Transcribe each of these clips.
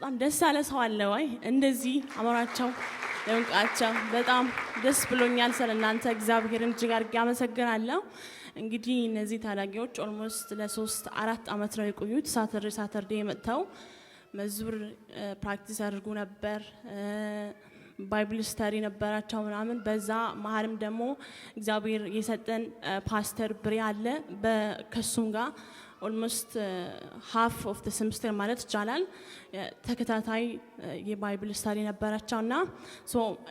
በጣም ደስ ያለ ሰው አለ ወይ? እንደዚህ አመራቸው ለብቃቸው። በጣም ደስ ብሎኛል ስለ እናንተ እግዚአብሔርን እጅግ አድርጌ አመሰግናለሁ። እንግዲህ እነዚህ ታዳጊዎች ኦልሞስት ለሶስት አራት አመት ነው የቆዩት። ሳተርዴ ሳተርዴ መጥተው መዝሙር ፕራክቲስ አድርጉ ነበር ባይብል ስተሪ ነበራቸው ምናምን። በዛ መሀልም ደግሞ እግዚአብሔር የሰጠን ፓስተር ብሬ አለ ከሱም ጋር ኦልሞስት ሀፍ ኦፍ ደ ሴምስተር ማለት ይቻላል ተከታታይ uh, የባይብል ስታዲ ነበራቸው እና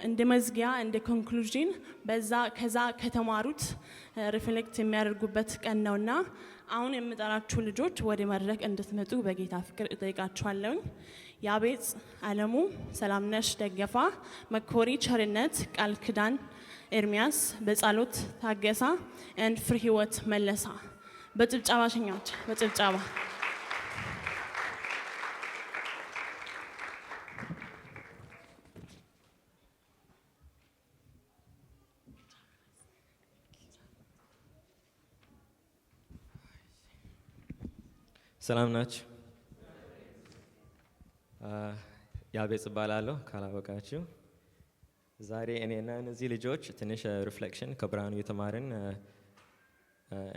እንደ መዝጊያ እንደ ኮንክሉዥን በዛ ከዛ ከተማሩት uh, ሪፍሌክት የሚያደርጉበት ቀን ነውና አሁን የምጠራችሁ ልጆች ወደ መድረክ እንድትመጡ በጌታ ፍቅር እጠይቃችኋለሁኝ። ያቤጽ አለሙ፣ ሰላምነሽ ደገፋ፣ መኮሪ ቸርነት፣ ቃል ክዳን ኤርሚያስ፣ በጸሎት ታገሳ፣ ኤንድ ፍሬ ህይወት መለሳ በጭብጨባ ሸኛቸው። በጭብጨባ ሰላም ናችሁ። ያቤጽ እባላለሁ ካላወቃችሁ። ዛሬ እኔና እነዚህ ልጆች ትንሽ ሪፍሌክሽን ከብርሃኑ የተማርን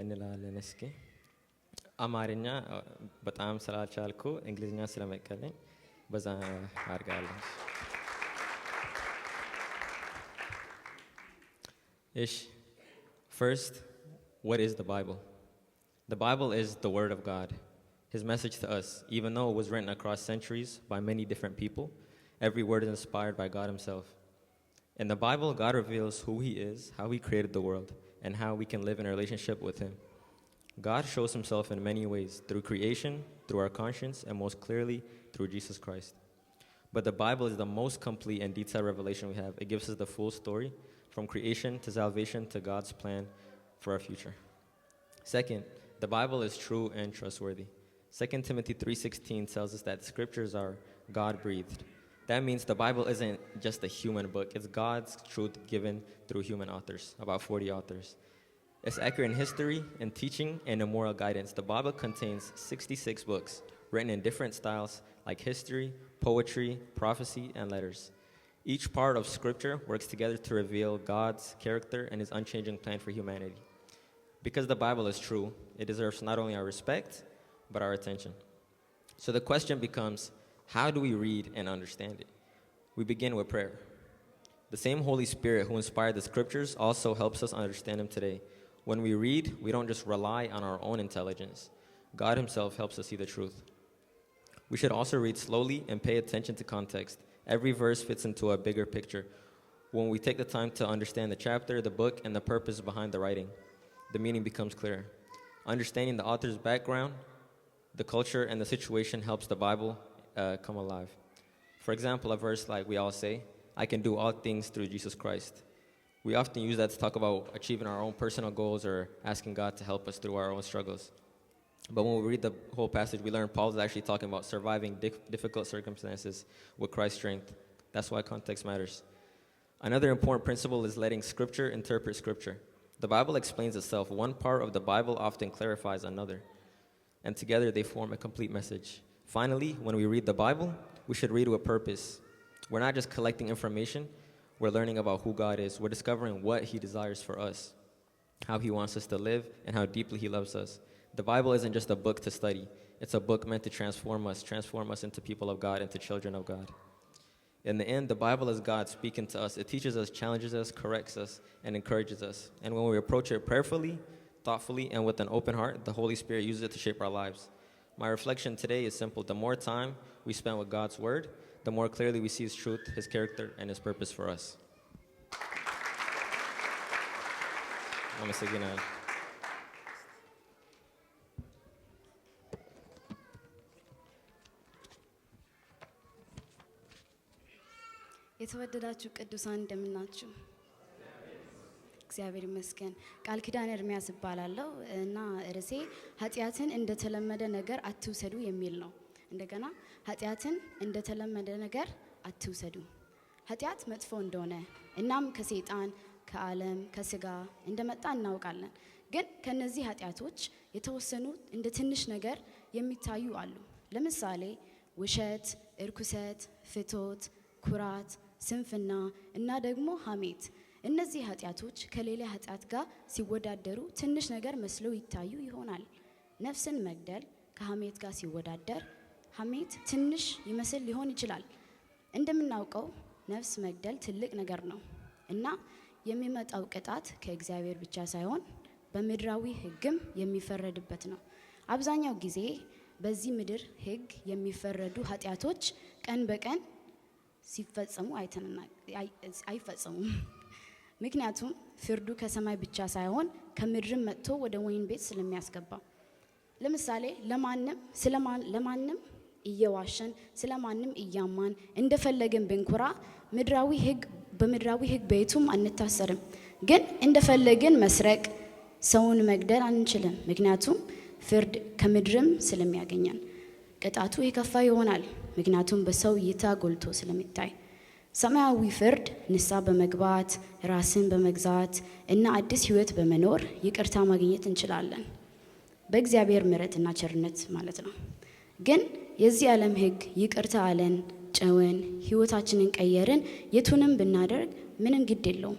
እንላለን። uh, እስኪ አማርኛ uh, በጣም ስላልቻልኩ እንግሊዝኛ ስለመቀለኝ በዛ እሺ first what is the bible the bible is the word of god his message to us even though it was written across centuries by many different people every word is inspired by god himself in the bible god reveals who he is how he created the world and how we can live in a relationship with Him. God shows Himself in many ways through creation, through our conscience, and most clearly through Jesus Christ. But the Bible is the most complete and detailed revelation we have. It gives us the full story from creation to salvation to God's plan for our future. Second, the Bible is true and trustworthy. 2 Timothy 3:16 tells us that scriptures are God-breathed that means the Bible isn't just a human book, it's God's truth given through human authors, about 40 authors. It's accurate in history, in teaching, and in moral guidance. The Bible contains 66 books written in different styles like history, poetry, prophecy, and letters. Each part of Scripture works together to reveal God's character and His unchanging plan for humanity. Because the Bible is true, it deserves not only our respect, but our attention. So the question becomes how do we read and understand it? We begin with prayer. The same Holy Spirit who inspired the scriptures also helps us understand them today. When we read, we don't just rely on our own intelligence. God Himself helps us see the truth. We should also read slowly and pay attention to context. Every verse fits into a bigger picture. When we take the time to understand the chapter, the book, and the purpose behind the writing, the meaning becomes clearer. Understanding the author's background, the culture, and the situation helps the Bible uh, come alive. For example, a verse like we all say, I can do all things through Jesus Christ. We often use that to talk about achieving our own personal goals or asking God to help us through our own struggles. But when we read the whole passage, we learn Paul is actually talking about surviving difficult circumstances with Christ's strength. That's why context matters. Another important principle is letting Scripture interpret Scripture. The Bible explains itself. One part of the Bible often clarifies another, and together they form a complete message. Finally, when we read the Bible, we should read with purpose. We're not just collecting information, we're learning about who God is. We're discovering what He desires for us, how He wants us to live, and how deeply He loves us. The Bible isn't just a book to study, it's a book meant to transform us, transform us into people of God, into children of God. In the end, the Bible is God speaking to us. It teaches us, challenges us, corrects us, and encourages us. And when we approach it prayerfully, thoughtfully, and with an open heart, the Holy Spirit uses it to shape our lives. My reflection today is simple. The more time we spend with God's Word, the more clearly we see His truth, His character, and His purpose for us. የተወደዳችሁ ቅዱሳን እንደምናችሁ እግዚአብሔር ይመስገን። ቃል ኪዳን እርሚያስ እባላለሁ እና ርዕሴ ኃጢአትን እንደተለመደ ነገር አትውሰዱ የሚል ነው። እንደገና ኃጢአትን እንደተለመደ ነገር አትውሰዱ። ኃጢአት መጥፎ እንደሆነ እናም ከሰይጣን ከዓለም ከስጋ እንደመጣ እናውቃለን። ግን ከነዚህ ኃጢአቶች የተወሰኑ እንደ ትንሽ ነገር የሚታዩ አሉ። ለምሳሌ ውሸት፣ እርኩሰት፣ ፍቶት፣ ኩራት፣ ስንፍና እና ደግሞ ሀሜት እነዚህ ኃጢአቶች ከሌላ ኃጢአት ጋር ሲወዳደሩ ትንሽ ነገር መስለው ይታዩ ይሆናል። ነፍስን መግደል ከሐሜት ጋር ሲወዳደር ሐሜት ትንሽ ይመስል ሊሆን ይችላል። እንደምናውቀው ነፍስ መግደል ትልቅ ነገር ነው እና የሚመጣው ቅጣት ከእግዚአብሔር ብቻ ሳይሆን በምድራዊ ሕግም የሚፈረድበት ነው። አብዛኛው ጊዜ በዚህ ምድር ሕግ የሚፈረዱ ኃጢአቶች ቀን በቀን ሲፈጸሙ አይፈጸሙም። ምክንያቱም ፍርዱ ከሰማይ ብቻ ሳይሆን ከምድርም መጥቶ ወደ ወይን ቤት ስለሚያስገባ ለምሳሌ ለማንም ለማንም እየዋሸን ስለማንም እያማን እንደፈለግን ብንኩራ ምድራዊ ህግ በምድራዊ ህግ ቤቱም አንታሰርም። ግን እንደፈለግን መስረቅ፣ ሰውን መግደል አንችልም። ምክንያቱም ፍርድ ከምድርም ስለሚያገኘን ቅጣቱ የከፋ ይሆናል። ምክንያቱም በሰው እይታ ጎልቶ ስለሚታይ ሰማያዊ ፍርድ ንሳ በመግባት ራስን በመግዛት እና አዲስ ህይወት በመኖር ይቅርታ ማግኘት እንችላለን። በእግዚአብሔር ምሕረትና ቸርነት ማለት ነው። ግን የዚህ ዓለም ህግ ይቅርታ አለን፣ ጨወን፣ ህይወታችንን ቀየርን፣ የቱንም ብናደርግ ምንም ግድ የለውም።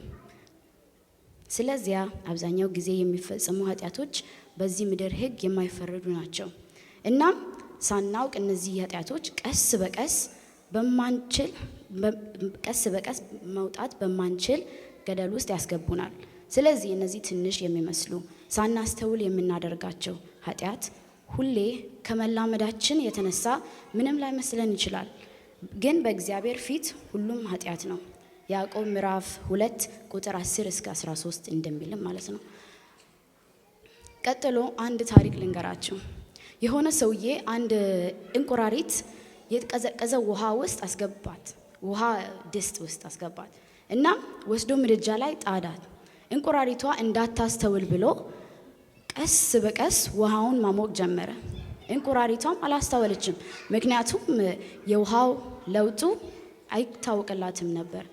ስለዚያ አብዛኛው ጊዜ የሚፈጸሙ ኃጢአቶች በዚህ ምድር ህግ የማይፈረዱ ናቸው። እናም ሳናውቅ እነዚህ ኃጢአቶች ቀስ በቀስ በማንችል ቀስ በቀስ መውጣት በማንችል ገደል ውስጥ ያስገቡናል። ስለዚህ እነዚህ ትንሽ የሚመስሉ ሳናስተውል የምናደርጋቸው ኃጢአት ሁሌ ከመላመዳችን የተነሳ ምንም ላይመስለን ይችላል፣ ግን በእግዚአብሔር ፊት ሁሉም ኃጢአት ነው። ያዕቆብ ምዕራፍ ሁለት ቁጥር 10 እስከ 13 እንደሚልም ማለት ነው። ቀጥሎ አንድ ታሪክ ልንገራችሁ። የሆነ ሰውዬ አንድ እንቁራሪት የተቀዘቀዘ ውሃ ውስጥ አስገባት፣ ውሃ ድስት ውስጥ አስገባት እና ወስዶ ምድጃ ላይ ጣዳት። እንቁራሪቷ እንዳታስተውል ብሎ ቀስ በቀስ ውሃውን ማሞቅ ጀመረ። እንቁራሪቷም አላስተወለችም ምክንያቱም የውሃው ለውጡ አይታወቅላትም ነበር።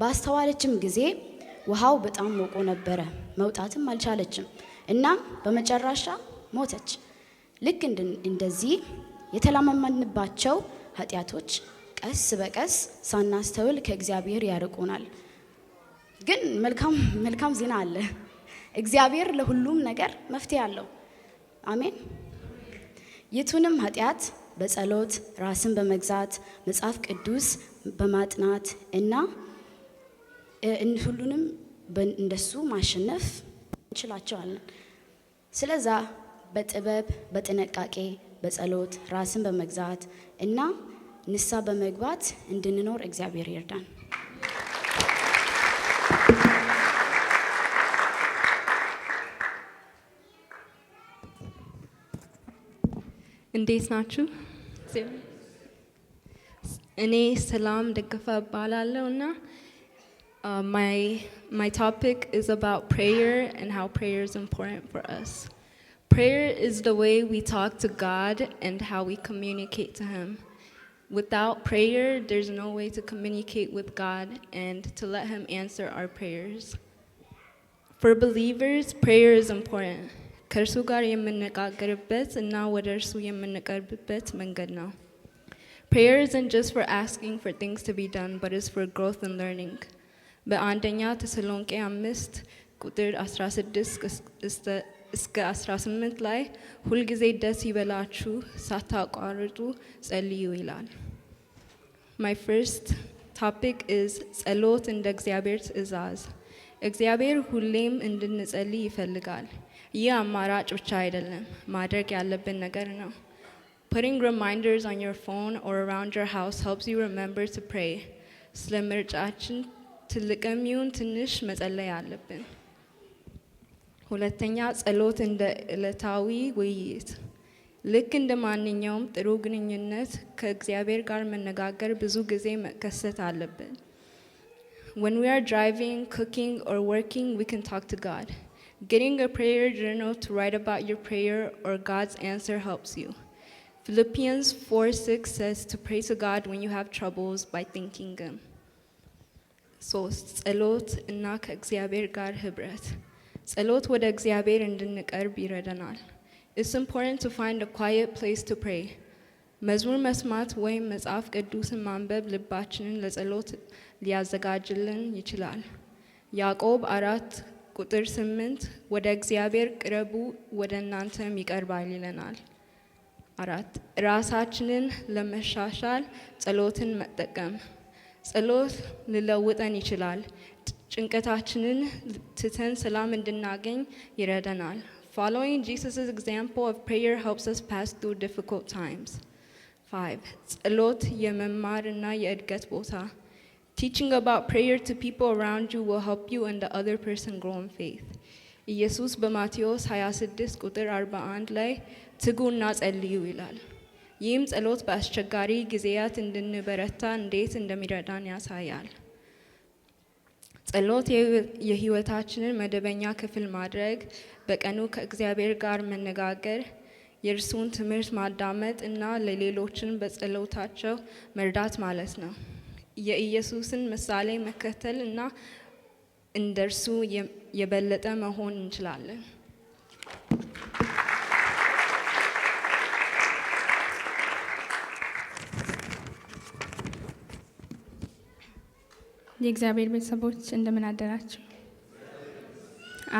ባስተዋለችም ጊዜ ውሃው በጣም ሞቆ ነበረ፣ መውጣትም አልቻለችም እና በመጨረሻ ሞተች። ልክ እንደዚህ የተላመመንባቸው ኃጢአቶች ቀስ በቀስ ሳናስተውል ከእግዚአብሔር ያርቁናል። ግን መልካም መልካም ዜና አለ። እግዚአብሔር ለሁሉም ነገር መፍትሄ አለው። አሜን። የቱንም ኃጢአት በጸሎት ራስን በመግዛት መጽሐፍ ቅዱስ በማጥናት እና ሁሉንም እንደሱ ማሸነፍ እንችላቸዋለን። ስለዛ በጥበብ በጥንቃቄ በጸሎት ራስን በመግዛት እና ንሳ በመግባት እንድንኖር እግዚአብሔር ይርዳን። እንዴት ናችሁ? እኔ ሰላም ደገፈ እባላለሁ እና uh, my my topic is about prayer and how prayer is important for us Prayer is the way we talk to God and how we communicate to Him. Without prayer, there's no way to communicate with God and to let Him answer our prayers. For believers, prayer is important. Prayer isn't just for asking for things to be done, but it's for growth and learning. በአንደኛ ተሰሎንቄ አምስት ቁጥር 16 እስከ እስከ 18 ላይ ሁልጊዜ ደስ ይበላችሁ ሳታቋርጡ ጸልዩ ይላል። ማይ ፍርስት ታፒክ ኢዝ ጸሎት እንደ እግዚአብሔር ትእዛዝ። እግዚአብሔር ሁሌም እንድንጸልይ ይፈልጋል። ይህ አማራጭ ብቻ አይደለም፣ ማድረግ ያለብን ነገር ነው። ፑቲንግ ሪማይንደርስ ኦን ዮር ፎን ኦር አራውንድ ዮር ሃውስ ሄልፕስ ዩ ሪሜምበር ቱ ፕሬይ። ስለ ምርጫችን ትልቅም ይሁን ትንሽ መጸለይ አለብን። ሁለተኛ ጸሎት እንደ ዕለታዊ ውይይት ልክ እንደ ማንኛውም ጥሩ ግንኙነት ከእግዚአብሔር ጋር መነጋገር ብዙ ጊዜ መከሰት አለብን። When we are driving, cooking, or working, we can talk to God. Getting a prayer journal to write about your prayer or God's answer helps you. Philippians 4 6 says to pray to God when you have troubles by thinking Him. ሶስት ጸሎት እና ከእግዚአብሔር ጋር ህብረት ጸሎት ወደ እግዚአብሔር እንድንቀርብ ይረደናል። ኢትስ ኢምፖርታንት ቱ ፋይንድ አ ኳየት ፕሌስ ቱ ፕሬይ። መዝሙር መስማት ወይም መጽሐፍ ቅዱስን ማንበብ ልባችንን ለጸሎት ሊያዘጋጅልን ይችላል። ያዕቆብ አራት ቁጥር ስምንት ወደ እግዚአብሔር ቅረቡ ወደ እናንተም ይቀርባል ይለናል። አራት ራሳችንን ለመሻሻል ጸሎትን መጠቀም። ጸሎት ሊለውጠን ይችላል። ጭንቀታችንን ትተን ሰላም እንድናገኝ ይረዳናል። Following Jesus' example of prayer helps us pass through difficult times. 5. ጸሎት የመማርና የእድገት ቦታ Teaching about prayer to people around you will help you and the other person grow in faith. ኢየሱስ በማቴዎስ 26 ቁጥር 41 ላይ ትጉና ጸልዩ ይላል። ይህም ጸሎት በአስቸጋሪ ጊዜያት እንድንበረታ እንዴት እንደሚረዳን ያሳያል። ጸሎት የህይወታችንን መደበኛ ክፍል ማድረግ፣ በቀኑ ከእግዚአብሔር ጋር መነጋገር፣ የእርሱን ትምህርት ማዳመጥ እና ለሌሎችን በጸሎታቸው መርዳት ማለት ነው። የኢየሱስን ምሳሌ መከተል እና እንደ እርሱ የበለጠ መሆን እንችላለን። የእግዚአብሔር ቤተሰቦች እንደምን አደራችሁ?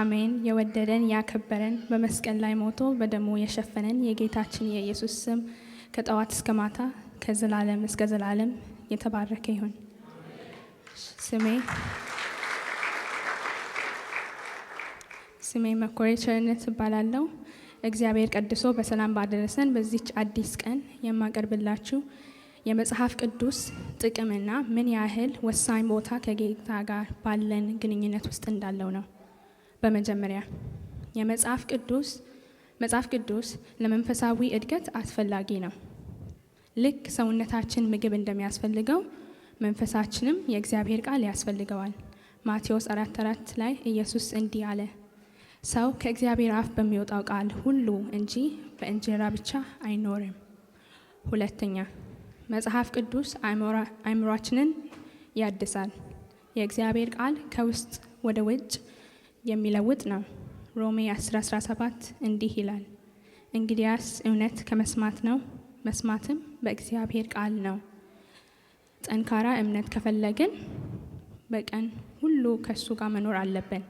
አሜን። የወደደን ያከበረን በመስቀል ላይ ሞቶ በደሞ የሸፈነን የጌታችን የኢየሱስ ስም ከጠዋት እስከ ማታ ከዘላለም እስከ ዘላለም የተባረከ ይሁን። ስሜ ስሜ መኮሬ ቸርነት እባላለሁ። እግዚአብሔር ቀድሶ በሰላም ባደረሰን በዚች አዲስ ቀን የማቀርብላችሁ የመጽሐፍ ቅዱስ ጥቅምና ምን ያህል ወሳኝ ቦታ ከጌታ ጋር ባለን ግንኙነት ውስጥ እንዳለው ነው። በመጀመሪያ የመጽሐፍ ቅዱስ መጽሐፍ ቅዱስ ለመንፈሳዊ እድገት አስፈላጊ ነው። ልክ ሰውነታችን ምግብ እንደሚያስፈልገው መንፈሳችንም የእግዚአብሔር ቃል ያስፈልገዋል። ማቴዎስ አራት አራት ላይ ኢየሱስ እንዲህ አለ፣ ሰው ከእግዚአብሔር አፍ በሚወጣው ቃል ሁሉ እንጂ በእንጀራ ብቻ አይኖርም። ሁለተኛ መጽሐፍ ቅዱስ አይምሯችንን ያድሳል። የእግዚአብሔር ቃል ከውስጥ ወደ ውጭ የሚለውጥ ነው። ሮሜ 10:17 እንዲህ ይላል፣ እንግዲያስ እውነት ከመስማት ነው፣ መስማትም በእግዚአብሔር ቃል ነው። ጠንካራ እምነት ከፈለግን በቀን ሁሉ ከእሱ ጋር መኖር አለብን።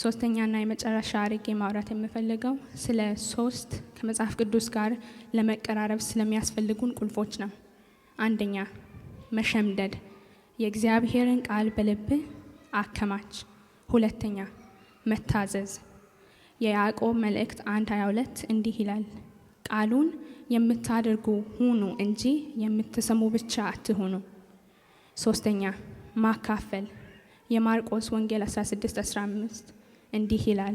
ሶስተኛና የመጨረሻ አርጌ ማውራት የምፈልገው ስለ ሶስት ከመጽሐፍ ቅዱስ ጋር ለመቀራረብ ስለሚያስፈልጉን ቁልፎች ነው። አንደኛ መሸምደድ፣ የእግዚአብሔርን ቃል በልብህ አከማች። ሁለተኛ መታዘዝ፣ የያዕቆብ መልእክት አንድ 22 እንዲህ ይላል፣ ቃሉን የምታደርጉ ሁኑ እንጂ የምትሰሙ ብቻ አትሁኑ። ሶስተኛ ማካፈል፣ የማርቆስ ወንጌል 16 15 እንዲህ ይላል፣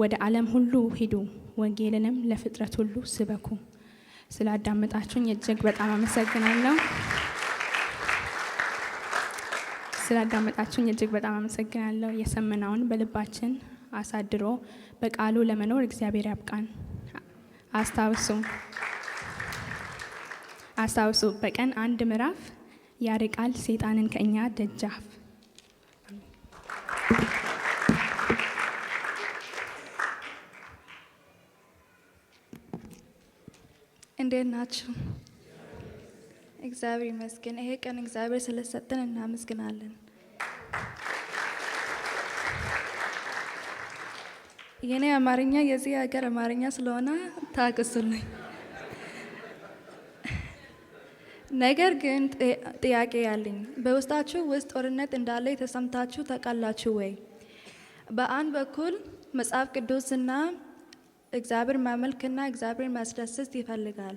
ወደ ዓለም ሁሉ ሂዱ፣ ወንጌልንም ለፍጥረት ሁሉ ስበኩ። ስላዳመጣችሁኝ እጅግ በጣም አመሰግናለሁ። ስላዳመጣችሁኝ እጅግ በጣም አመሰግናለሁ። የሰምናውን በልባችን አሳድሮ በቃሉ ለመኖር እግዚአብሔር ያብቃን። አስታውሱ አስታውሱ በቀን አንድ ምዕራፍ ያርቃል ሴጣንን ከእኛ ደጃፍ እንዴት ናችሁ? እግዚአብሔር ይመስገን። ይሄ ቀን እግዚአብሔር ስለሰጠን እናመስግናለን። የኔ አማርኛ የዚህ ሀገር አማርኛ ስለሆነ ታቅሱልኝ። ነገር ግን ጥያቄ ያለኝ በውስጣችሁ ውስጥ ጦርነት እንዳለ የተሰምታችሁ ታውቃላችሁ ወይ? በአንድ በኩል መጽሐፍ ቅዱስና እግዚአብሔር ማመልክና እግዚአብሔር ማስደሰት ይፈልጋል።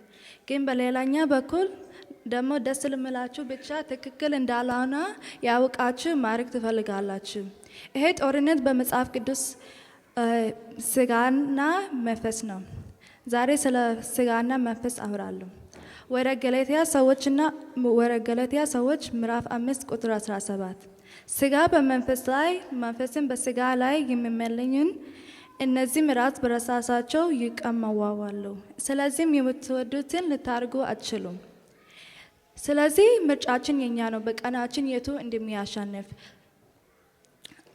ግን በሌላኛ በኩል ደግሞ ደስ ልምላችሁ ብቻ ትክክል እንዳልሆነ ያውቃችሁ ማድረግ ትፈልጋላችሁ። ይሄ ጦርነት በመጽሐፍ ቅዱስ ስጋና መንፈስ ነው። ዛሬ ስለ ስጋና መንፈስ አውራለሁ። ወደ ገላትያ ሰዎችና ወደ ገላትያ ሰዎች ምዕራፍ አምስት ቁጥር 17 ስጋ በመንፈስ ላይ መንፈስን በስጋ ላይ የሚመለኝን እነዚህም ራስ በራሳቸው ይቀመዋዋሉ። ስለዚህም የምትወዱትን ልታርጉ አትችሉም። ስለዚህ ምርጫችን የኛ ነው፣ በቀናችን የቱ እንደሚያሸንፍ።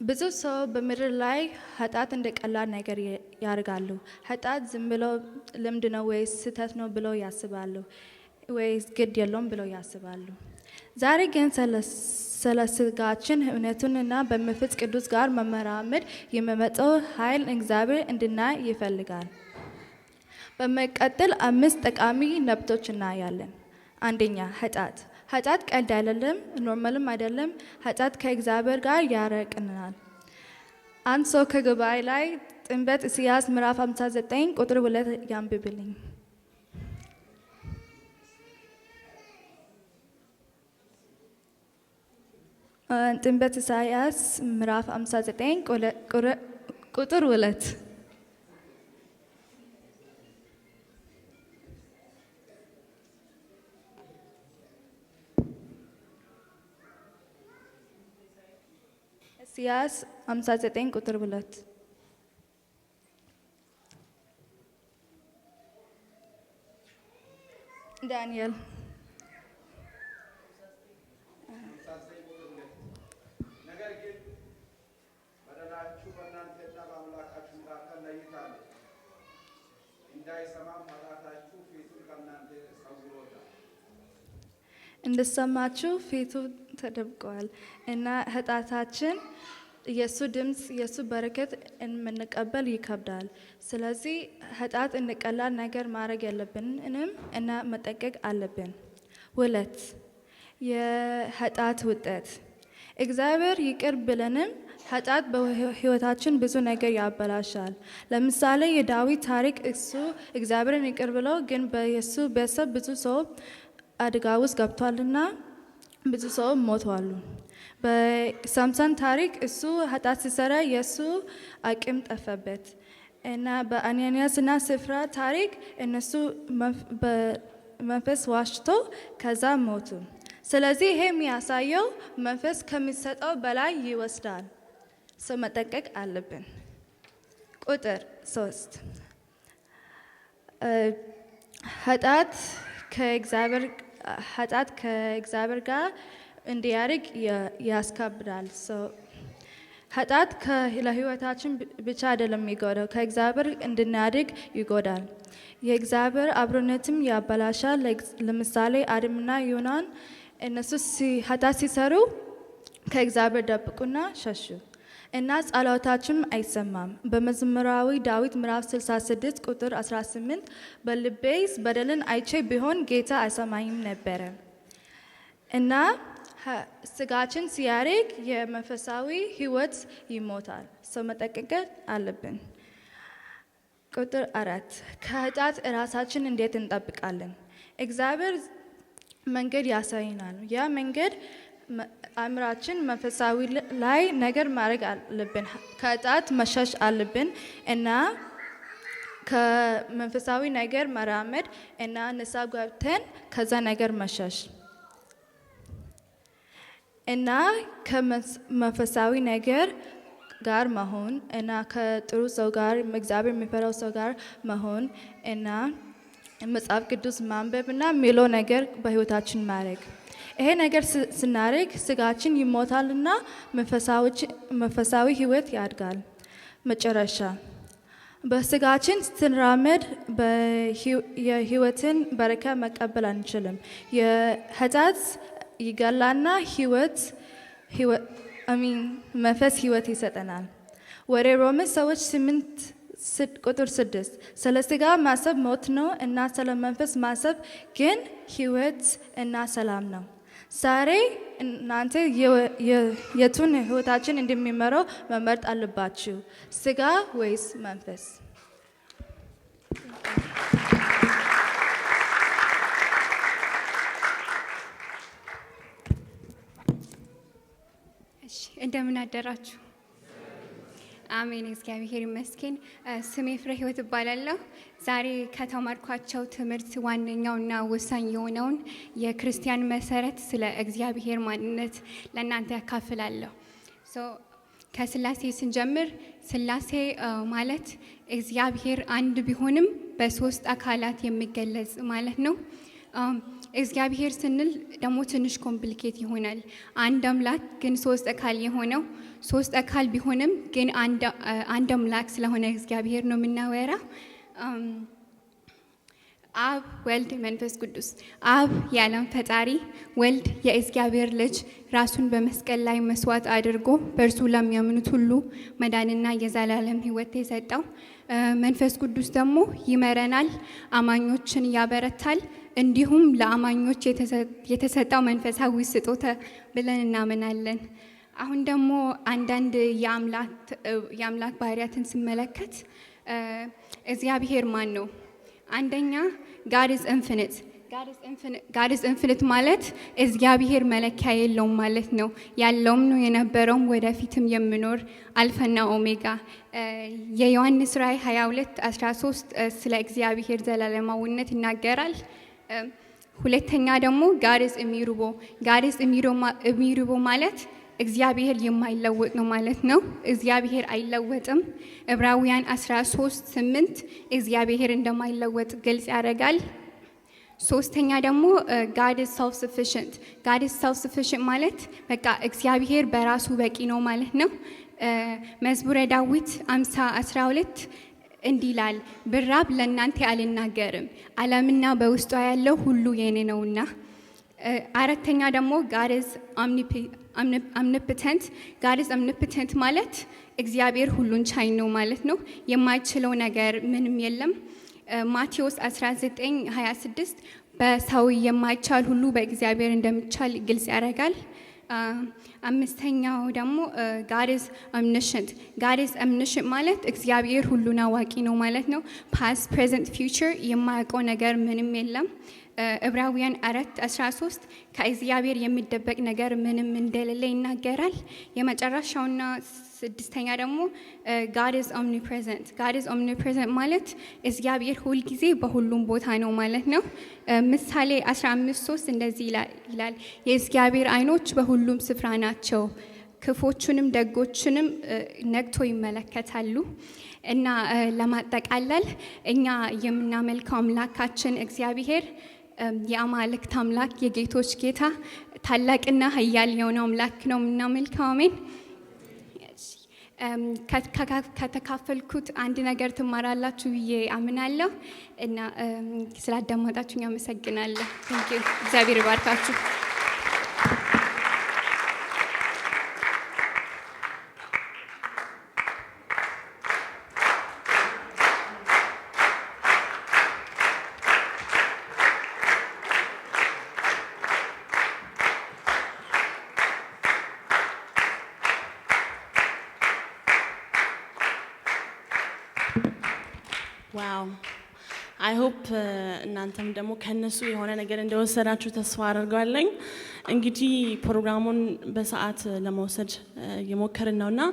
ብዙ ሰው በምድር ላይ ኃጢአት እንደ ቀላል ነገር ያርጋሉ ኃጢአት ዝም ብሎ ልምድ ነው ወይስ ስህተት ነው ብለው ያስባሉ፣ ወይስ ግድ የለውም ብለው ያስባሉ። ዛሬ ግን ስለ ስጋችን እውነቱንና በመንፈስ ቅዱስ ጋር መመራመድ የመመጠው ኃይል እግዚአብሔር እንድናይ ይፈልጋል። በመቀጠል አምስት ጠቃሚ ነብቶች እናያለን። አንደኛ ኃጢአት። ኃጢአት ቀልድ አይደለም፣ ኖርማልም አይደለም። ኃጢአት ከእግዚአብሔር ጋር ያረቅናል። አንድ ሰው ከጉባኤ ላይ ጥንበት ኢሳይያስ ምዕራፍ 59 ቁጥር ሁለት ያንብብልኝ። ጥንበት ኢሳያስ ምዕራፍ 59 ቁጥር ሁለት ኢሳያስ 59 ቁጥር ሁለት ዳንኤል እንዳይሰማም ኃጢአታችሁ ፊቱን ከእናንተ ሰውሮታል። ፊቱ ተደብቋል እና ኃጢአታችን የእሱ ድምፅ የእሱ በረከት የምንቀበል ይከብዳል። ስለዚህ ኃጢአት እንቀላል ነገር ማድረግ ያለብንንም እና መጠቀቅ አለብን። ሁለት የኃጢአት ውጤት እግዚአብሔር ይቅር ብለንም ኃጢአት በህይወታችን ብዙ ነገር ያበላሻል። ለምሳሌ የዳዊት ታሪክ እሱ እግዚአብሔርን ይቅር ብለው ግን በየሱ ቤተሰብ ብዙ ሰው አደጋ ውስጥ ገብቷልና ብዙ ሰው ሞቷሉ። በሳምሰን ታሪክ እሱ ኃጢአት ሲሰራ የእሱ አቅም ጠፈበት እና በአናንያስና ስፍራ ታሪክ እነሱ መንፈስ ዋሽቶ ከዛ ሞቱ። ስለዚህ ይሄ የሚያሳየው መንፈስ ከሚሰጠው በላይ ይወስዳል። ሰው መጠንቀቅ አለብን። ቁጥር ሶስት ኃጢአት ከእግዚአብሔር ጋር እንዲያርቅ ያስከብዳል። ኃጢአት ለህይወታችን ብቻ አይደለም የሚጎዳው፣ ከእግዚአብሔር እንድናድግ ይጎዳል። የእግዚአብሔር አብሮነትም ያበላሻል። ለምሳሌ አድምና ዮናን እነሱ ኃጢአት ሲሰሩ ከእግዚአብሔር ደብቁና ሸሹ። እና ጸሎታችንም አይሰማም። በመዝሙራዊ ዳዊት ምዕራፍ 66 ቁጥር 18 በልቤስ በደልን አይቼ ቢሆን ጌታ አይሰማኝም ነበረ እና ስጋችን ሲያሬግ የመንፈሳዊ ሕይወት ይሞታል። ሰው መጠንቀቅ አለብን። ቁጥር አራት ከኃጢአት እራሳችን እንዴት እንጠብቃለን? እግዚአብሔር መንገድ ያሳይናል። ያ መንገድ አእምራችን መንፈሳዊ ላይ ነገር ማድረግ አለብን። ከእጣት መሻሽ አለብን እና ከመንፈሳዊ ነገር መራመድ እና ንሳ ገብተን ከዛ ነገር መሻሽ እና ከመንፈሳዊ ነገር ጋር መሆን እና ከጥሩ ሰው ጋር እግዚአብሔር የሚፈራው ሰው ጋር መሆን እና መጽሐፍ ቅዱስ ማንበብ እና የሚለው ነገር በህይወታችን ማድረግ ይሄ ነገር ስናደርግ ስጋችን ይሞታልና መንፈሳዊ ህይወት ያድጋል። መጨረሻ በስጋችን ስንራመድ የህይወትን በረከት መቀበል አንችልም። የኃጢአት ይገላና ህይወት መንፈስ ህይወት ይሰጠናል። ወደ ሮሜ ሰዎች ስምንት ቁጥር ስድስት ስለ ስጋ ማሰብ ሞት ነው እና ስለ መንፈስ ማሰብ ግን ህይወት እና ሰላም ነው። ዛሬ እናንተ የቱን ህይወታችን እንደሚመራው መመርጥ አለባችሁ፣ ስጋ ወይስ መንፈስ? እንደምን አደራችሁ? አሜን። እግዚአብሔር ይመስገን። ስሜ ፍሬ ህይወት እባላለሁ። ዛሬ ከተማርኳቸው ትምህርት ዋነኛውና ወሳኝ የሆነውን የክርስቲያን መሰረት ስለ እግዚአብሔር ማንነት ለእናንተ ያካፍላለሁ። ከስላሴ ስንጀምር ስላሴ ማለት እግዚአብሔር አንድ ቢሆንም በሶስት አካላት የሚገለጽ ማለት ነው። እግዚአብሔር ስንል ደግሞ ትንሽ ኮምፕሊኬት ይሆናል። አንድ አምላክ ግን ሶስት አካል የሆነው ሶስት አካል ቢሆንም ግን አንድ አምላክ ስለሆነ እግዚአብሔር ነው የምናወራ። አብ፣ ወልድ፣ መንፈስ ቅዱስ። አብ የዓለም ፈጣሪ፣ ወልድ የእግዚአብሔር ልጅ ራሱን በመስቀል ላይ መስዋዕት አድርጎ በእርሱ ለሚያምኑት ሁሉ መዳንና የዘላለም ሕይወት የሰጠው መንፈስ ቅዱስ ደግሞ ይመረናል፣ አማኞችን ያበረታል። እንዲሁም ለአማኞች የተሰጠው መንፈሳዊ ስጦታ ብለን እናምናለን። አሁን ደግሞ አንዳንድ የአምላክ ባህሪያትን ስመለከት እግዚአብሔር ማን ነው? አንደኛ ጋድ ኢዝ ኢንፊኒት ጋድስ ኢንፊኒት ማለት እግዚአብሔር መለኪያ የለውም ማለት ነው። ያለውም ነው የነበረውም ወደፊትም የሚኖር አልፈና ኦሜጋ። የዮሐንስ ራእይ 22 13 ስለ እግዚአብሔር ዘላለማዊነት ይናገራል። ሁለተኛ ደግሞ ጋድስ ኢሚሩቦ፣ ጋድስ ኢሚሩቦ ማለት እግዚአብሔር የማይለወጥ ነው ማለት ነው። እግዚአብሔር አይለወጥም። ዕብራውያን 13 8 እግዚአብሔር እንደማይለወጥ ግልጽ ያደርጋል። ሶስተኛ ደግሞ ጋድ ሰልፍ ሰፊሽንት። ጋድ ኢዝ ሰልፍ ሰፊሽንት ማለት በቃ እግዚአብሔር በራሱ በቂ ነው ማለት ነው። uh, መዝሙረ ዳዊት 50 12 እንዲህ ይላል፣ ብራብ ለእናንተ አልናገርም፣ ዓለምና በውስጧ ያለው ሁሉ የኔ ነውና። uh, አራተኛ ደግሞ ጋድ ጋድዝ ጋድ ጋድዝ አምኒፕተንት ማለት እግዚአብሔር ሁሉን ቻይ ነው ማለት ነው። የማይችለው ነገር ምንም የለም። ማቴዎስ 19:26 በሰው የማይቻል ሁሉ በእግዚአብሔር እንደሚቻል ግልጽ ያደርጋል። አምስተኛው ደግሞ ጋድስ ኦምኒሽንት ጋድስ ኦምኒሽንት ማለት እግዚአብሔር ሁሉን አዋቂ ነው ማለት ነው። ፓስት ፕሬዘንት ፊውቸር የማያውቀው ነገር ምንም የለም። ዕብራውያን አራት 13 ከእግዚአብሔር የሚደበቅ ነገር ምንም እንደሌለ ይናገራል። የመጨረሻውና ስድስተኛ ደግሞ ጋድ ኢዝ ኦምኒፕሬዘንት። ጋድ ኢዝ ኦምኒፕሬዘንት ማለት እግዚአብሔር ሁልጊዜ በሁሉም ቦታ ነው ማለት ነው። ምሳሌ 15 3 እንደዚህ ይላል የእግዚአብሔር አይኖች በሁሉም ስፍራ ናቸው ክፎቹንም ደጎችንም ነግቶ ይመለከታሉ። እና ለማጠቃለል እኛ የምናመልከው አምላካችን እግዚአብሔር የአማልክት አምላክ የጌቶች ጌታ ታላቅና ኃያል የሆነ አምላክ ነው የምናመልከው። አሜን። ከተካፈልኩት አንድ ነገር ትማራላችሁ ብዬ አምናለሁ እና ስላዳመጣችሁኝ አመሰግናለሁ። እግዚአብሔር ባርካችሁ ዋው አይሆፕ uh, እናንተም ደግሞ ከእነሱ የሆነ ነገር እንደወሰዳችሁ ተስፋ አድርጓለኝ እንግዲህ ፕሮግራሙን በሰዓት ለመውሰድ እየሞከርን uh, ነው እና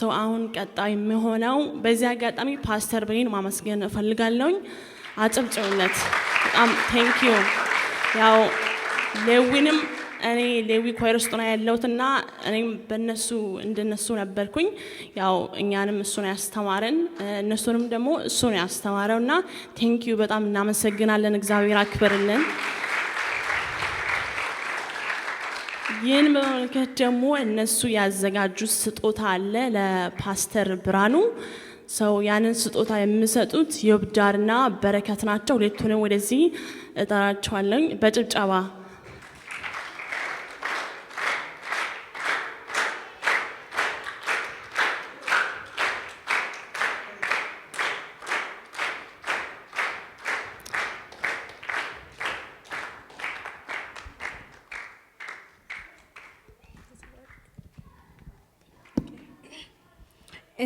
ሰው አሁን ቀጣይ የሚሆነው በዚህ አጋጣሚ ፓስተር ብሬን ማመስገን እፈልጋለውኝ አጭብጭውነት በጣም ቴንኪዩ ያው ሌዊንም እኔ ሌዊ ኮይር ውስጥ ነው ያለሁት እና እኔም በነሱ እንደነሱ ነበርኩኝ። ያው እኛንም እሱ ነው ያስተማረን፣ እነሱንም ደግሞ እሱ ነው ያስተማረው እና ቴንኪዩ በጣም እናመሰግናለን። እግዚአብሔር አክብርልን። ይህን በመመልከት ደግሞ እነሱ ያዘጋጁት ስጦታ አለ ለፓስተር ብራኑ ሰው ያንን ስጦታ የሚሰጡት የብዳርና በረከት ናቸው። ሁለቱንም ወደዚህ እጠራቸዋለኝ በጭብጨባ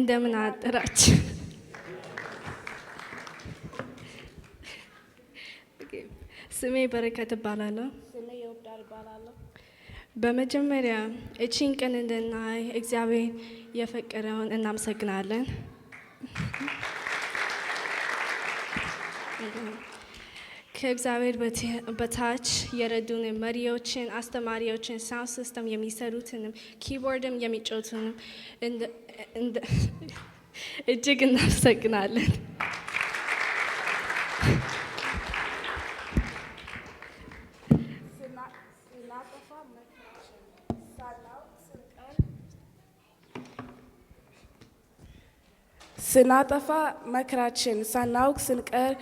እንደምን አጠራችሁ። ስሜ በረከት እባላለሁ። ስሜ የወዳር እባላለሁ። በመጀመሪያ እቺን ቀን እንድናይ እግዚአብሔር የፈቀደውን እናመሰግናለን። ከእግዚአብሔር በታች የረዱን መሪዎችን፣ አስተማሪዎችን፣ ሳውንድ ሲስተም የሚሰሩትንም ኪቦርድም የሚጮቱንም እጅግ እናመሰግናለን። ስናጠፋ መከራችን ሳናውቅ ስንቀር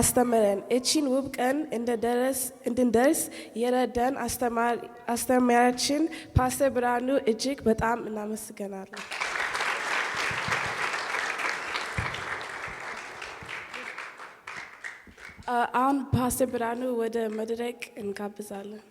አስተምረን። እቺን ውብ ቀን እንድንደርስ የረደን አስተማሪያችን ፓስተር ብርሃኑ እጅግ በጣም እናመስገናለን። አሁን ፓስተር ብርሃኑ ወደ መድረክ እንጋብዛለን።